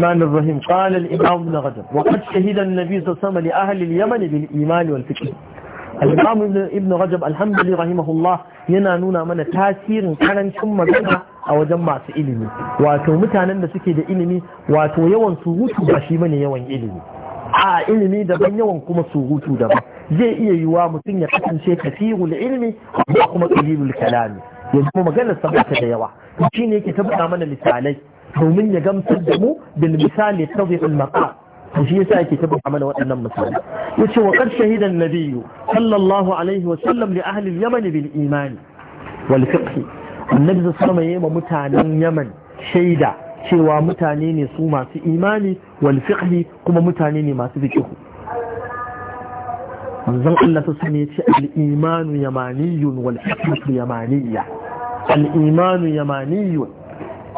الرحمن الرحيم قال الإمام ابن غزل وقد شهد النبي صلى الله عليه وسلم لأهل اليمن yana nuna mana tasirin karancin magana a wajen masu ilimi wato mutanen da suke da ilimi wato yawan surutu ba shi bane yawan ilimi a ilimi daban yawan kuma surutu daban zai iya yiwa mutum ya kasance kasirul ilimi amma kuma qalilul kalami yanzu kuma maganar sa da yawa shi ne yake tabbata mana misalai domin ya gamsar da mu bil misali tadhi'ul maqam to shi yasa yake tabbata mana waɗannan misali yace wa qad shahida an-nabiy sallallahu alaihi wa sallam li ahli al-yaman bil iman wal fiqh annabi sallallahu alaihi wa mutanen yaman shaida cewa mutane ne su masu imani wal fiqh kuma mutane ne masu fiqh manzon Allah ta sani yace al-imanu yamaniyun wal fiqh yamaniyya al-imanu yamaniyun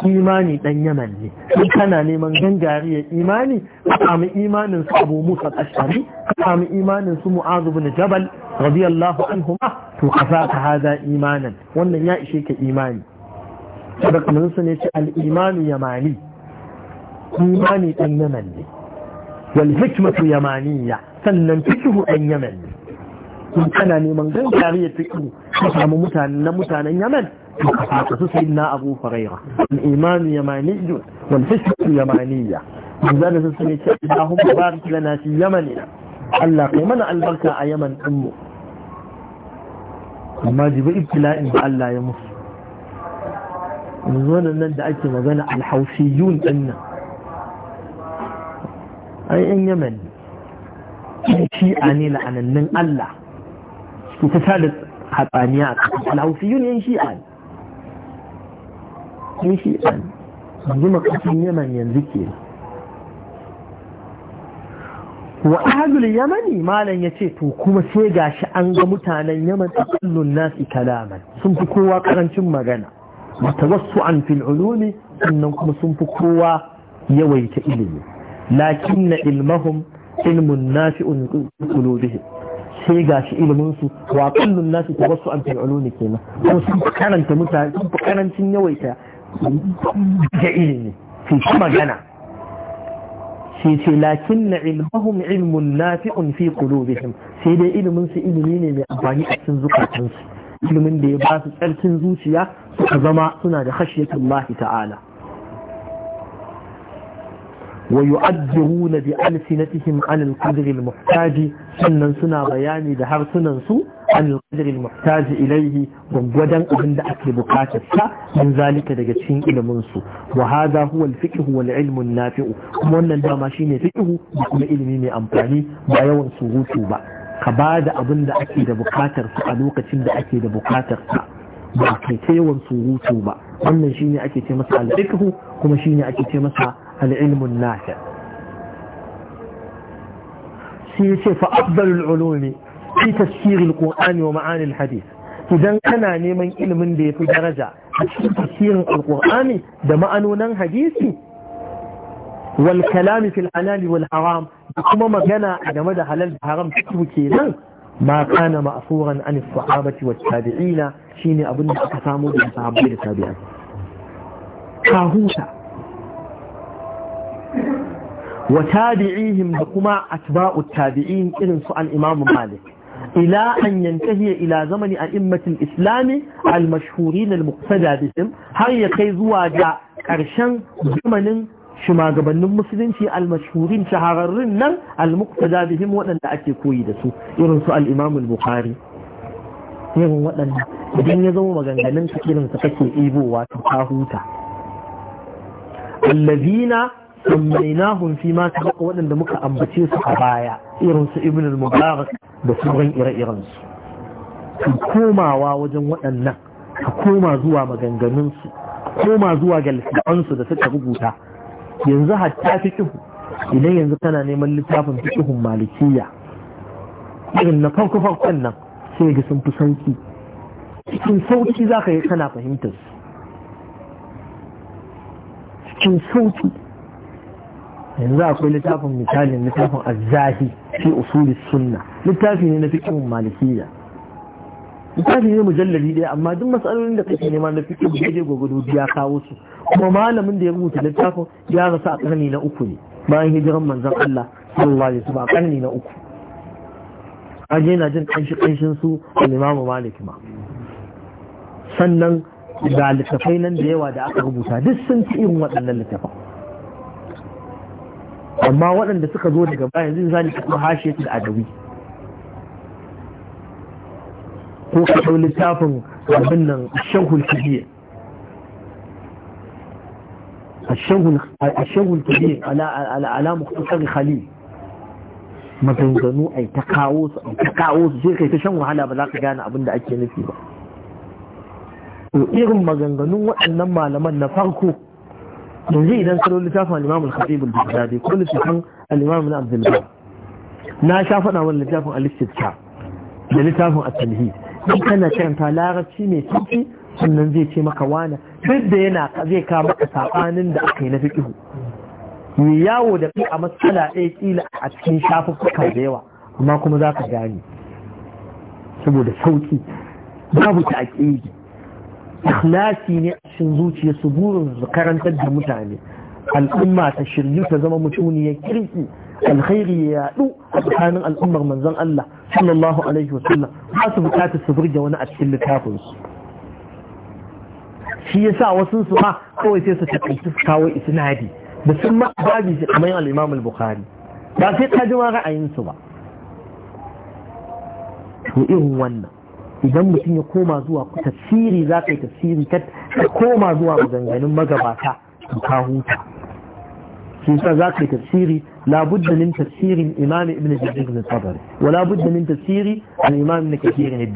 imani dan yaman ne in kana neman ya imani ka samu imanin su abu musa ashari ka samu imanin su mu'azu bin jabal radiyallahu anhuma to ka sa ka hada imanan wannan ya ishe ka imani saboda kamar su ne ce al-imanu yamani imani dan yaman ne wal hikmatu yamaniya sannan fikihu dan yaman ne in kana neman ya fikihu ka samu mutanen mutanen yaman su sayyidina abu huraira al-imanu yamaniyyu wal fishatu yamaniyya manzana sun sune ce Allahumma barik lana fi yamanina Allah kai mana albarka a yaman din mu amma jibi ibtila'in da Allah ya musu yanzu nan da ake magana alhausiyun din ai yaman shi a la'anannin Allah a ƙasa alhausiyun yan shi'a sai shi ɗan rigima yaman yanzu ke wa ahlul yamani malam ya ce to kuma sai gashi an ga mutanen yaman kullun nasi kalaman sun fi kowa karancin magana wata wasu an fil ulumi sannan kuma sun fi kowa yawaita ilimi lakin na ilmahum ilmun nasi qulubihim sai gashi ilimin su wa kullun nasi tawassu an fil ulumi kenan Kuma sun karanta mutane sun fi karancin yawaita da ilimi su shi magana sai ce lakin na ilmahum ilmun nafi'un fi qulubihim sai dai ilimin su ilimi ne mai amfani a cikin zukatansu ilimin da ya ba su tsarkin zuciya suka zama suna da khashiyatullahi ta'ala ويؤذرون بألسنتهم عن القدر المحتاج سنن suna bayani da harsunan su? an lokacin da muhtaji ilaihi gwaggwadon abin da ake bukatar sa in zalika daga cikin ilimin su wa hadha huwa al-fiqh kuma wannan dama shine fiqh da kuma ilimi mai amfani ba yawan surutu ba ka bada abin da ake da bukatar su a lokacin da ake da bukatar sa ba kai ce yawan surutu ba wannan shine ake ce masa al kuma shine ake ce masa al-ilm an-nafi' sai ce fa afdalul ulumi fi tasirin qur'ani wa ma'anin hadis idan kana neman ilimin da ya fi daraja a cikin tafsirin alqur'ani da ma'anonin hadisi wal kalami fil halali wal haram da kuma magana game da halal da haram su kenan ma kana ma'suran an sahabati wat tabi'ina shine abin da aka samu da sahabbai da tabi'ai ka huta wa tabi'ihim da kuma atba'u tabi'in irin su al-imam malik إلى أن ينتهي إلى زمن أئمة الإسلام المشهورين المقتدى بهم هل يكيزوا جاء كرشان زمن شما قبل المسلم في المشهورين شهررنا المقتدى بهم وأن أكي كويدسو يرنسو الإمام البخاري irin waɗanda idan ya zama maganganun su irin su kake ibowa ta kahuta allazina sammainahum fi ma sabaqa waɗanda muka ambace su a baya irin su ibn al-mubarak da sauran ire-iren su komawa wajen waɗannan ka koma zuwa maganganun su koma zuwa ga littafansu da suka rubuta yanzu hatta fiqh idan yanzu kana neman littafin fiqhun malikiya irin na farko farkon nan sai ga sun fi sauki cikin sauki zaka yi kana fahimtar su cikin sauki yanzu akwai littafin misalin littafin azzahi fi usulis sunna littafi ne na fikin malikiya littafi ne mujallali ɗaya amma duk matsalolin da kake nema na fikin daidai gwagwado ya kawo su kuma malamin da ya rubuta littafin ya rasa a karni na uku ne bayan hijiran manzon Allah sallallahu alaihi wasallam a ƙarni na uku aje yana jin kanshi kanshin su a imam Malik ma sannan ga littafai nan da yawa da aka rubuta duk sun ci irin waɗannan littafan amma waɗanda suka zo daga baya yanzu zani kuma hashe da adawi ko ka ɗau littafin abin nan shahul kabir الشغل الكبير على على على مختصر خليل ما تنزنوا ai ta kawo su sai kai ta shan wahala ba za ka gane abin da ake nufi ba irin maganganun waɗannan malaman na farko yanzu idan kalo littafin al al-khatib al ko littafin al-imam na sha faɗa littafin al da littafin at-tamhid in kana karanta larabci mai sauki sannan zai ce maka wani duk da yana zai ka maka saɓanin da aka yi na fiqhu mai yawo da fi a matsala ɗaya kila a cikin shafuffuka da yawa amma kuma za ka gane saboda sauki babu ta aƙidi ikhlasi ne a cikin zuciya su burin su karantar da mutane al'umma ta shiryu ta zama mutumiyar kirki alkhairi ya yadu a tsakanin al'ummar manzon Allah sallallahu alaihi wasallam ba su bukata su burge wani a cikin littafin su shi yasa wasu su ma kawai sai su takaitu su kawo isnadi da sun ma babi shi kamar al-Imam al-Bukhari ba sai ka ji ra'ayin su ba to irin wannan idan mutum ya koma zuwa tafsiri za ka yi tafsiri ka koma zuwa maganganun magabata to ka huta shi sa za ka yi tafsiri labudda min tafsirin imam ibn jarir bin sadr wa labudda min tafsiri na imam ibn kathir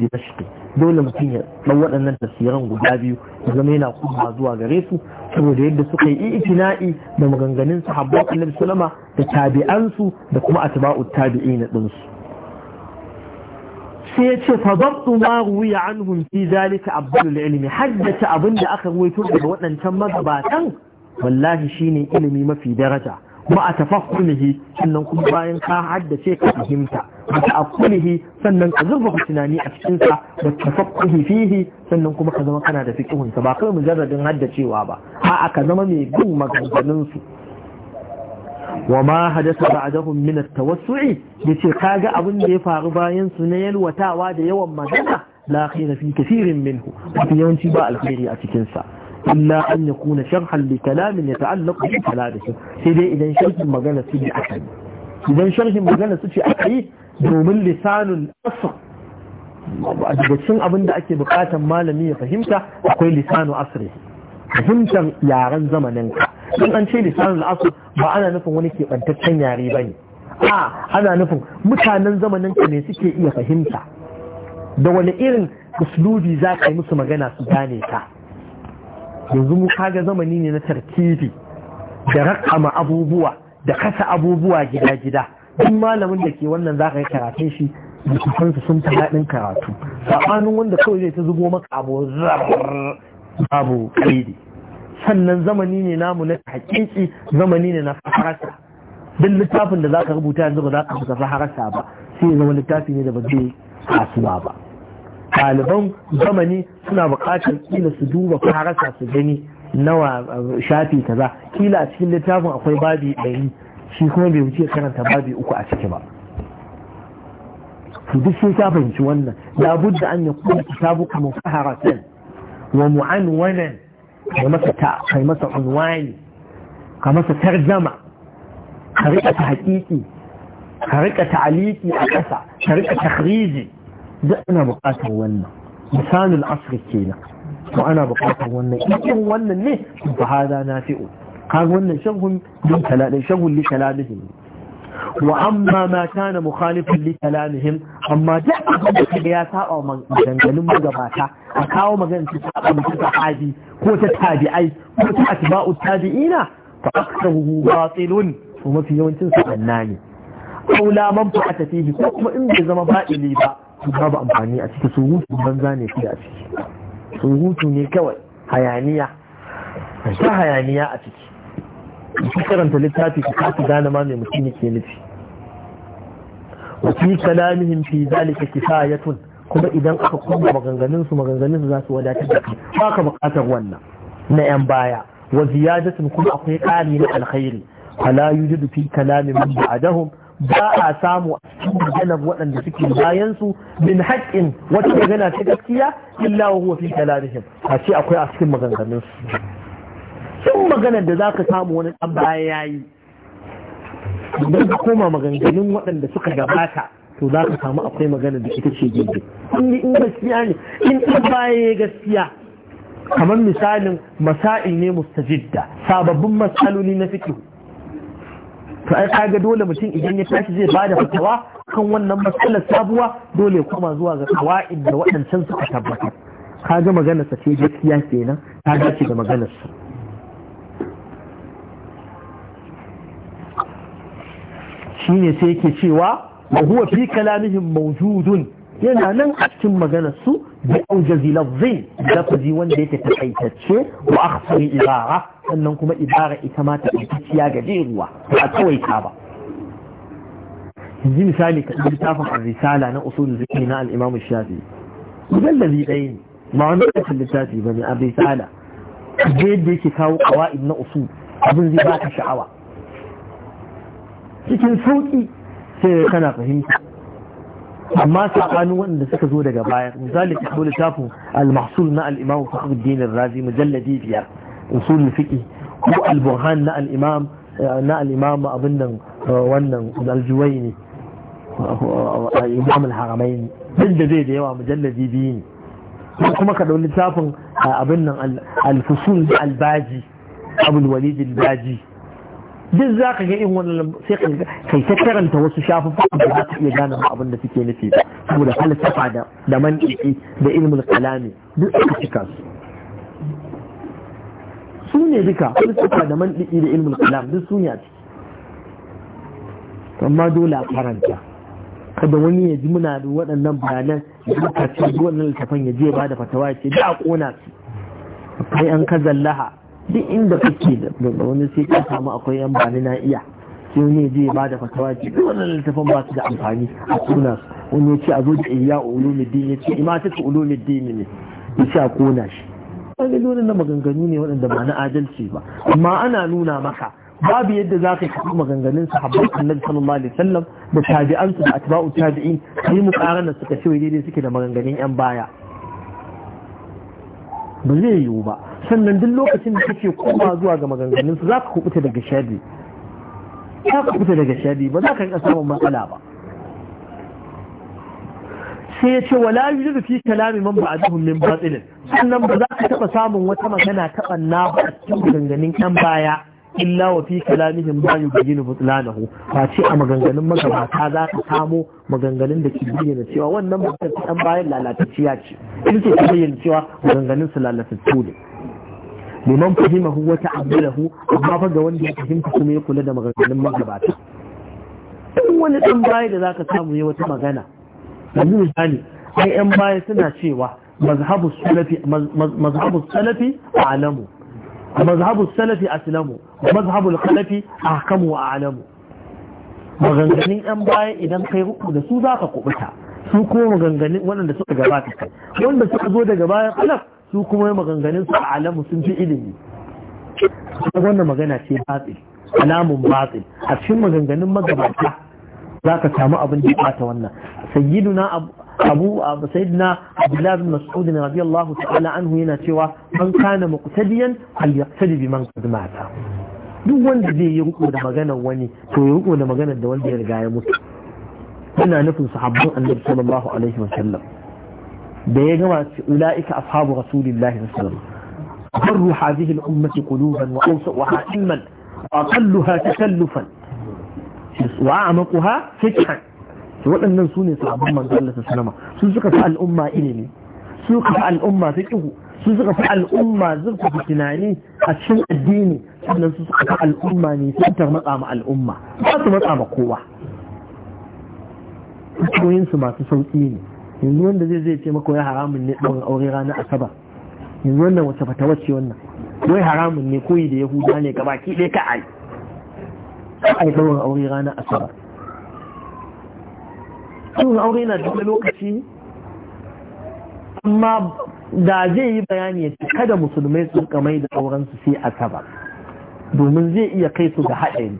dole mutum ya dan waɗannan tafsiran guda biyu ya zama yana koma zuwa gare su saboda yadda suka yi itina'i da maganganun sahabban annabi sallama da tabi'ansu da kuma atba'u tabi'ina din su sai ya ce fadabtu ma ya anhum fi zalika abdul ilmi haddace abin da aka ruwaito daga waɗancan magabatan wallahi shine ilimi mafi daraja ma a tafakkurihi sannan kuma bayan ka haddace ka fahimta a ta'akkurihi sannan ka zurfafa tunani a cikinsa sa da tafakkuri fihi sannan kuma ka zama kana da fiqhun ba kai mujarradin haddacewa ba a'a ka zama mai bin maganganunsu. wa ma hadasa ba'dahum min at-tawassu'i yace kaga abin da ya faru bayan su na yalwatawa da yawan magana la khayra fi kathirin minhu yawanci ba alkhairi a cikin sa illa an yakuna sharhan li kalamin yata'allaqu bi kalamihi sai dai idan sharhin magana su bi idan sharhin magana su ce yi domin lisanul asr daga cikin abin da ake bukatan malami ya fahimta akwai lisanu asri fahimtar yaren zamanin ka. sun an ce lisanin asir ba ana nufin wani keɓantaccen yare ba ne a ana nufin mutanen zamanin ka ne suke iya fahimta da wani irin uslubi za ka yi musu magana su gane ka yanzu mu kaga zamani ne na tarkibi da rakama abubuwa da kasa abubuwa gida-gida duk malamin da ke wannan za ka yi karatun shi littafansa sun ta daɗin karatu saɓanin wanda kawai zai ta zubo maka abu zarar abu ƙaidi sannan zamani ne namu na hakiki zamani ne na faharasa duk littafin da za ka rubuta yanzu ba za ka rubuta faharasa ba sai zama littafi ne da ba zai kasuwa ba ɗaliban zamani suna buƙatar kila su duba faharasa su gani nawa eh, shafi kaza kila a cikin littafin akwai babi ɗari shi kuma bai wuce karanta babi uku a ciki ba to duk fahimci wannan labudda an yakuna kitabuka mufaharatan wa wannan. kai masa ta unwani ka masa tarjama ka rika ta haƙiƙi ka rika ta'aliki a ƙasa ka rika takhriji duk ana buƙatar wannan misalin asr kenan to ana buƙatar wannan irin wannan ne fa na nafi'u kaga wannan shaggun din talatin shaggun li talatihim wa amma ma kana mukhalifan li kalamihim amma duk abin da ya saba maganganun magabata a kawo magana ta saba ta sahabi ko ta tabi'ai ko ta atba'u tabi'ina fa aktahu batilun fa mafi yawancin su annani aw la man fa'ata fihi ko kuma in bai zama ba'ili ba to babu amfani a cikin surutu banza ne shi a ciki surutu ne kawai hayaniya ta hayaniya a ciki ki karanta littafi ka kafi gane ma me mutum yake nufi wa fi kalamihim fi zalika kifayatun kuma idan aka kuma maganganunsu maganganunsu za su wadatar da kai ba ka buƙatar wannan na 'yan baya wa ziyadatin kuma akwai kari na alkhairi fala yujidu fi kalami man ba'dahum ba a samu a cikin maganar waɗanda suke bayan su min haƙƙin wata magana ta gaskiya illa wa huwa fi kalamihim a ce akwai a cikin maganganun su sun maganar da zaka samu wani ɗan baya yayi idan ka koma maganganun waɗanda suka gabata to za ka samu akwai magana da ita ce gindi in gaskiya ne in ɗan baya gaskiya kamar misalin masa'il ne mustajidda sababbin matsaloli na fiki to ai ka ga dole mutum idan ya tashi zai bada fatawa kan wannan matsalar sabuwa dole kuma zuwa ga kawa'id da waɗancan suka tabbatar Ka kaga maganarsa ce gaskiya kenan ta dace da maganarsa ne sai yake cewa wa huwa fi kalamihim yana nan a cikin maganar su bi aujazi ku lafazi wanda yake takaitacce wa akhsar ibara sannan kuma ibara ita ma ta ga gajeruwa ba a tsawaita ba yanzu misali ka littafin ar-risala na usul zikri na al-imam shafi mujallabi ɗaya ne ba wani lokacin littafi ba ne risala je yadda yake kawo qawaid na usul abin zai baka sha'awa cikin sauki sai kana fahimta amma saɓanin waɗanda suka zo daga baya misali ta zo littafin al-mahsul na al-imam fakhruddin razi mujalladi biyar usul fiqh ko al-burhan na al-imam na al-imam abin nan eh, wannan al-juwayni eh, eh, imam al-haramain din da zai da yawa mujalladi biyu ne ko kuma ka ɗau littafin abin nan al-fusul al-baji abul walid al-baji duk za ka ga in wannan sai kai ta karanta wasu shafuffukan da za ka iya gane abin da suke nufi ba saboda falsafa da da mantiki da ilmul kalami duk aka cika su su ne duka falsafa da mantiki da ilmul kalam duk su ne a ciki amma dole a karanta kada wani ya ji muna da waɗannan bayanan da aka ce wannan littafin ya je ba da fatawa ya ce da a ƙona su akwai an kazallaha duk inda kake da wani sai ka samu akwai yan bani na iya sai wani je ba da fatawa ce duk wannan littafin ba su da amfani a suna wani ya ce a zo da iya ulumuddin ya ce ima ta ulumuddin ne ya ce a kona shi wani dole na maganganu ne waɗanda ba na adalci ba amma ana nuna maka babu yadda za ka yi maganganun sahabbai annabi sallallahu alaihi wasallam da tabi'ansu da atba'u tabi'in sai mu na suka ce daidai suke da maganganun yan baya ba zai yiwu ba sannan duk lokacin da kake koma zuwa ga maganganun su za ka kubuta daga shadi za ka kubuta daga shadi ba za ka rika samun matsala ba sai ya ce wala yujidu fi kalami man ba'dahum min batilin sannan ba za ka taba samun wata magana ta banna ba a cikin maganganun kan baya illa wa fi kalamihim ba yubayyinu butlanahu ba ce a maganganun magabata za ka samo maganganun da ke bayyana cewa wannan mutum ɗan bayan lalatacciya ce In ce ta bayyana cewa maganganun su lalatattu ne liman fahimahu wa ta'ammalahu amma fa ga wanda ya fahimta kuma ya kula da maganganun magabata in wani dan baya da zaka samu ya wata magana yanzu misali ai yan baya suna cewa mazhabu salafi mazhabu salafi a'lamu mazhabu salafi aslamu mazhabu al-khalafi ahkamu wa a'lamu maganganun yan baya idan kai ruku da su zaka kubuta su ko maganganun waɗanda suka gabata kai wanda suka zo daga bayan khalaf su kuma maganganin su a alamu sun fi ilimi wannan magana ce batsil alamun batsil a cikin maganganun magabata za ka samu abin da ya wannan sayyiduna abu sayyidina abdullahi bin mas'ud radiyallahu ta'ala anhu yana cewa man kana muqtadiyan fal yaqtadi bi man qad mata duk wanda zai yi riko da maganar wani to ya riko da maganar da wanda ya riga ya mutu Ina nufin sahabban annabi sallallahu alaihi wa sallam da ya gama ula'ika ashabu rasulillahi sallallahu alaihi hadhihi al-ummati quluban wa awsa'uha ilman aqalluha takallufan wa amaquha fikhan to waɗannan sune sahabban manzo Allah sallallahu alaihi su suka fi al'umma ilimi su suka fi al'umma fiqhu su suka fi al'umma zurfa tunani a cikin addini sannan su suka fi al'umma ne sun matsa ma al'umma ba su matsa ma kowa koyinsu masu sauƙi ne yanzu wanda zai zai ce mako ya haramun ne ɗaurin aure ranar saba yanzu wannan wace fata wacce wannan wai haramun ne koyi da yahuda ne gaba ki ɗaya ka ai ai ɗaurin aure ranar saba ɗaurin aure na duk lokaci amma da zai yi bayani ya ce kada musulmai su kamai mai da aurensu sai saba domin zai iya kai su ga haɗari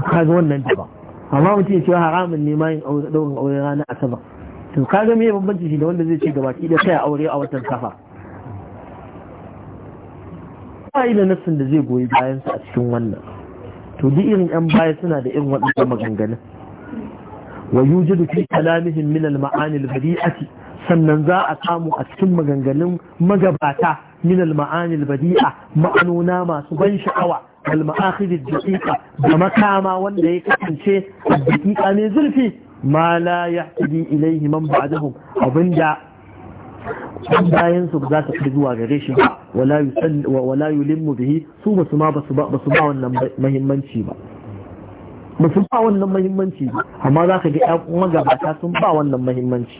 kaga wannan daban amma mutum ya ce haramun ne ma yin daurin aure ranar asabar to kaga me bambanci shi da wanda zai ce gabaki da kai aure a watan safa ba da nassin da zai goyi bayan a cikin wannan to duk irin yan baya suna da irin waɗannan maganganu. wa yujidu fi kalamihim min al-ma'ani al-badi'ati sannan za a samu a cikin maganganun magabata min al-ma'ani al-badi'a ma'anona masu ban sha'awa المآخذ الدقيقة بمكامة makama wanda شيء الدقيقة من زلفي ما لا يحتدي إليه من بعدهم أبنجا bayan su za su kai zuwa gare shi ba wala yulimmu bihi su basu ma su ba wannan muhimmanci ba su ba wannan muhimmanci ba amma za ka ga ƴan magabata sun ba wannan muhimmanci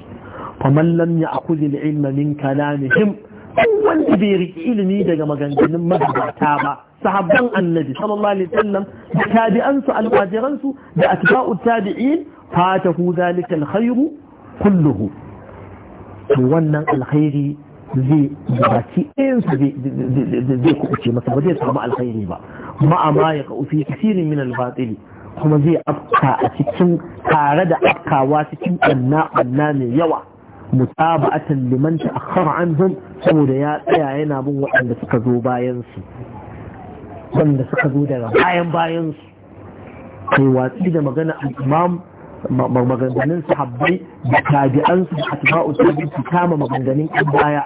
faman lam ya'khudh al-ilma ilimi daga maganganun magabata ba sahabban annabi sallallahu alaihi wasallam da tabi'ansu alwajiransu da atba'u tabi'in fatahu zalika alkhairu kulluhu to wannan alkhairi zai baki ɗayansu zai kuɓuce masa ba zai samu alkhairi ba ma'ama ya ka'u fi kasirin min albatili kuma zai afka a cikin tare da afkawa cikin ɓanna ɓanna mai yawa mutaba'atan liman ta'akhkhara anhum saboda ya tsaya yana bin waɗanda suka zo bayan su wanda suka zo daga bayan bayan su kai watsi da magana imam maganganun sahabbai da tabi'an su a tabi'u tabi su kama maganganun ɗan baya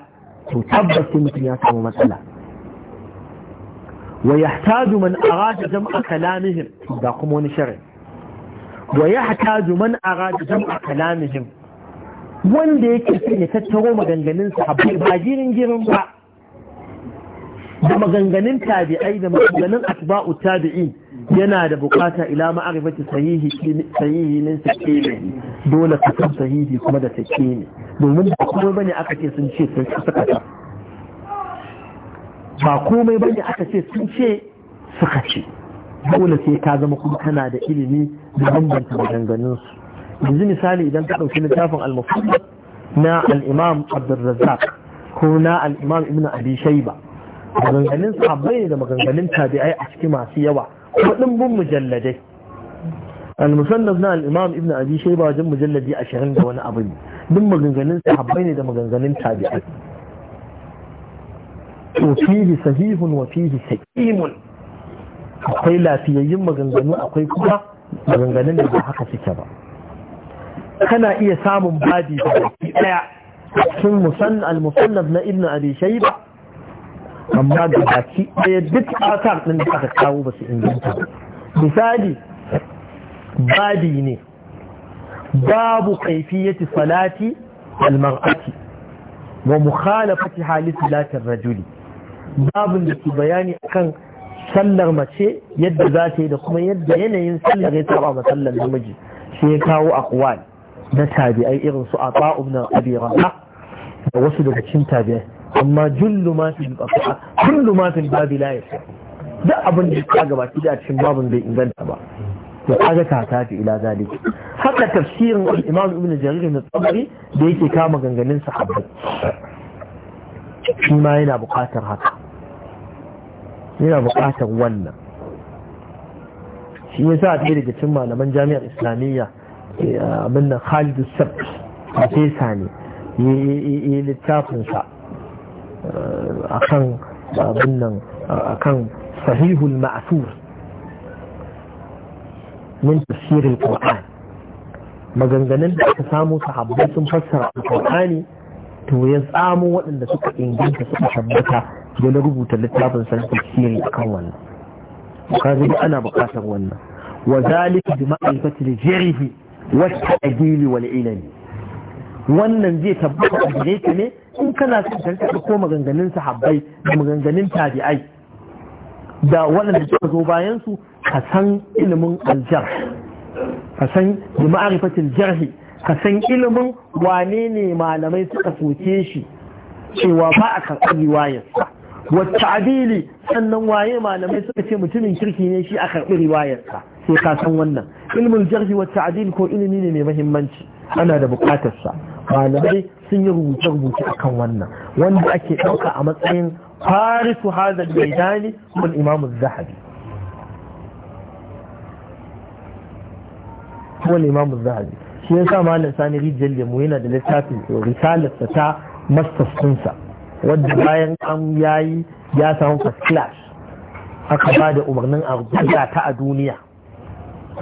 to tabbas sai mutum ya samu matsala wa yahtaju man arada jam'a kalamihim da kuma wani sharri wa yahtaju man arada jam'a kalamihim wanda yake son ya tattaro maganganun sahabbai ba girin girin ba da maganganun tabi'ai da maganganun atba'u tabi'in yana da bukata ila ma'arifati sahihi sahihi nan sakini dole ka san sahihi kuma da sakini domin ba komai bane aka ce sun ce sun suka ta ba komai bane aka ce sun ce suka ce dole sai ka zama kuma kana da ilimi da bambanta maganganun su yanzu misali idan ka dauki littafin al-mufawwad na al-imam Abdul ko na al-imam Ibn Abi Shayba maganganun sahabbai ne da maganganun tabi'ai a cikin masu yawa kuma dimbin mujalladai al-musannaf na al-imam ibn abi shayba wajen mujalladi 20 da wani abu ne duk maganganun sahabbai ne da maganganun tabi'ai to fihi sahihun wa fihi saqimun akwai lafiyayyun maganganu akwai kuma maganganun da ba haka suke ba kana iya samun babi da ɗaya cikin al-musannaf na ibn abi shayba amma ga baki ɗaya duk asar ɗin da aka kawo ba su inganta misali babi ne babu kaifiyati salati almar'ati wa mukhalafati hali salatin rajuli Babun da ke bayani akan sallar mace yadda za ta yi da kuma yadda yanayin sallar ya saba ma sallar namiji sai ya kawo akwal na tabi'ai irin su a ibn abi da wasu daga cikin tabi'ai amma jullu ma fi qafa kullu ma fi babi la yasa duk abin da ka gaba ki da cikin babin bai inganta ba to kaga ta tafi ila zalik haka tafsirin al-imam ibn jarir ibn tabari da yake kama ganganin sahabbai shi ma yana buƙatar haka yana buƙatar wannan shi yasa ɗaya daga cikin malaman jami'ar islamiyya eh, abin da khalid sabbi a fesa ne ya yi littafinsa akan abin nan akan sahihul ma'thur min tafsirul qur'an maganganun da aka samu sahabbai sun fassara alqur'ani to ya tsamo waɗanda suka inganta suka tabbata da na rubuta littafin sa tafsiri akan wannan kaga ana buƙatar wannan wa zalika bi ma'rifati al jarihi wa at wal ilmi wannan zai tabbata a gare ka ne in kana son ka rika ko maganganun sahabbai da maganganun tabi'ai da waɗanda suka zo bayan su ka san ilimin aljar ka san bi jarhi ka san ilimin wane ne malamai suka soke shi cewa ba a karɓar riwayarsa wata adili sannan waye malamai suka ce mutumin kirki ne shi a karɓi riwayarsa sai ka san wannan ilimin jarhi wata adili ko ilimi ne mai mahimmanci ana da bukatarsa malamai sun yi rubuce-rubuce kan wannan wanda ake ɗauka a matsayin farisu hazal ne wal imamu zahabi wal imamu zahabi shi ya sa malam sani rijiyar lemu yana da littafin risalarsa ta mastastinsa wadda bayan an yayi ya samu first class aka ba da umarnin a ta a duniya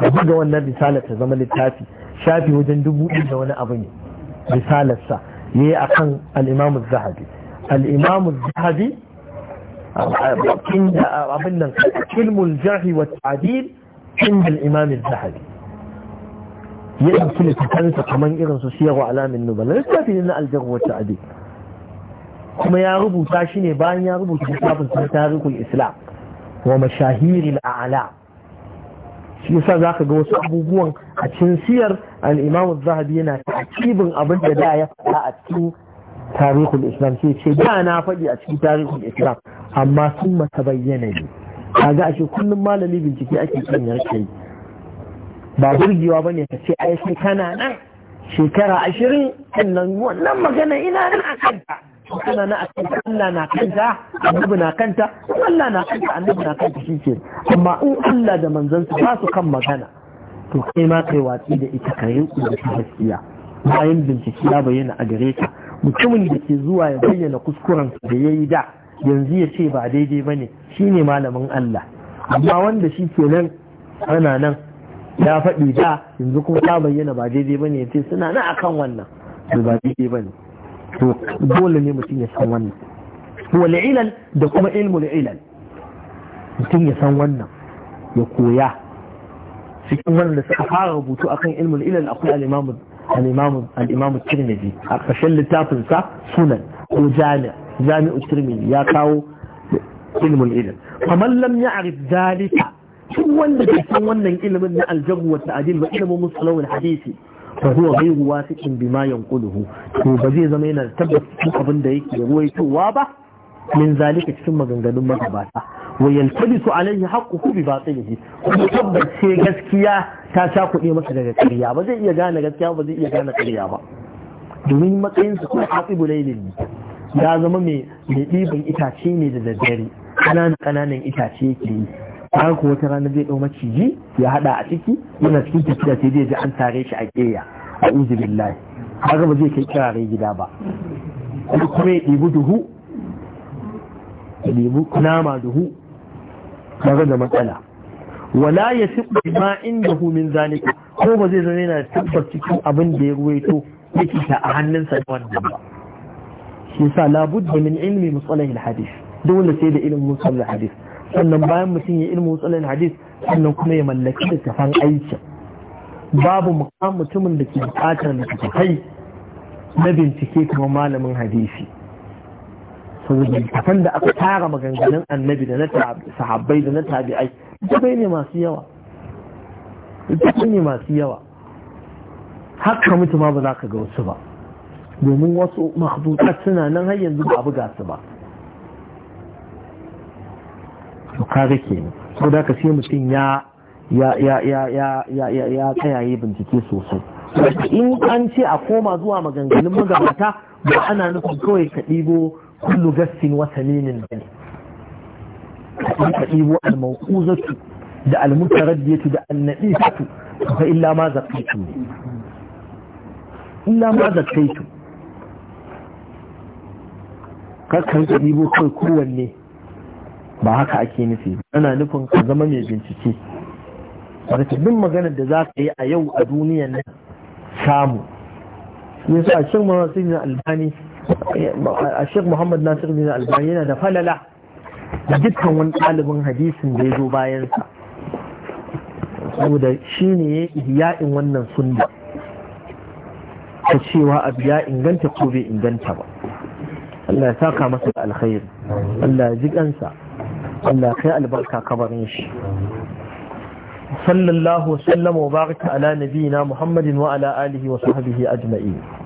a buga wannan risalar ta zama littafi shafi wajen dubu da wani abu ne risalarsa ne akan al-imam zahabi al-imam zahabi inda abin nan ilmul jarhi wa ta'dil inda imam zahabi ya ɗauki littafansa kamar irin su siyar wa alamin nubala littafi ne na aljar wata abin kuma ya rubuta shi ne bayan ya rubuta littafin sa tarihul islam wa mashahiril a'lam shi yasa za ka ga wasu abubuwan a cikin siyar alimamun zahabi yana cibin abin da da ya faɗa a cikin tarihul islam sai ce da na faɗi a cikin tarihul islam amma sun mata bayyana ne kaga ashe kullum malami bincike ake kan yarke ba burgewa ba ne ka ce ai sai nan shekara ashirin sannan wannan magana ina nan a kanta ana na akan Allah na kanta annabi na kanta Allah na kanta annabi na kanta shike amma in Allah da manzon sa basu kan magana to kai ma kai watsi da ita ka yi da gaskiya bayan bincike ya bayyana a gare ka mutumin da ke zuwa ya bayyana kuskuren da yayi da yanzu ya ce ba daidai bane shine malamin Allah amma wanda shi ke nan ana nan ya faɗi da yanzu kuma ta bayyana ba daidai ba ne ya ce suna na akan wannan ba daidai ba to dole ne mutum ya san wannan wal ilal da kuma ilmul ilal mutum ya san wannan ya koya cikin wannan da suka fara rubutu akan ilmul ilal akwai al-imamu al-imamu al-imamu tirmidhi a ƙarshen littafin sa sunan ko jami' jami'u tirmidhi ya kawo ilmul ilal faman lam ya'rif zalika duk wanda ke san wannan ilimin na aljabu wa ta'dil ba ilimin musalawul hadisi fa huwa ghayru wasiqin bima yanquluhu to ba zai zama yana tabbata abin da yake ruwaitowa ba min zalika cikin maganganun magabata wa yaltabisu alaihi haqquhu bi batilihi kuma tabbace gaskiya ta sha kuɗi masa daga ƙarya ba zai iya gane gaskiya ba zai iya gane ƙarya ba domin matsayin su kuma hasibu lailin ya zama mai ɗiban itace ne da daddare ƙananan ƙananan itace yake yi har kuwa wata rana zai ɗau maciji ya haɗa a ciki yana cikin tafiya sai zai ji an tare shi a ƙeya a uzu billahi har ba zai kai kirare gida ba kuma ya ɗibi duhu ya ɗibi kunama duhu tare da matsala wala ya siɓa ma inda min zalika ko ba zai zama yana tabbar cikin abin da ya ruwaito yake ta a hannunsa da wannan ba shi yasa labudda min ilmi musalahil hadith dole sai da ilimin musalahil hadis sannan bayan mutum ya ilmu tsalin hadis sannan kuma ya mallaki littafan aiki babu mukan mutumin da ke bukatar littattafai na bincike kuma malamin hadisi saboda littafan da aka tara maganganun annabi da na sahabbai da na tabi'ai littafai ne masu yawa ne masu yawa haka mutuma ba za ka ga wasu ba domin wasu mahdutat suna nan har yanzu ba a buga su ba to kaga kenan so da ka sai mutum ya ya ya ya ya ya ya bincike sosai in an ce a koma zuwa maganganun magabata ba ana nufin kawai ka ɗigo kullu gassin wata nenin da ne ka ɗibo almauƙuzatu da almutaraddiyatu da annaɗisatu fa illa ma zakaitu ne illa ma zakaitu kakkan ka ɗigo kai kowanne ba haka ake nufi ana nufin ka zama mai bincike wata duk maganar da za ka yi a yau a duniya nan samu ne sa muhammad a shek muhammad nasir bin albani yana da falala da dukkan wani ɗalibin hadisin da ya zo bayansa saboda shi ne ya yi wannan sunda ta cewa abu ya inganta ko bai inganta ba Allah ya saka masa da alkhairi Allah ya ji kansa Allah kai albarka kabarin shi sallallahu wasallam wa baraka ala nabi'ina muhammadin wa ala alihi wa sahbihi ajma'in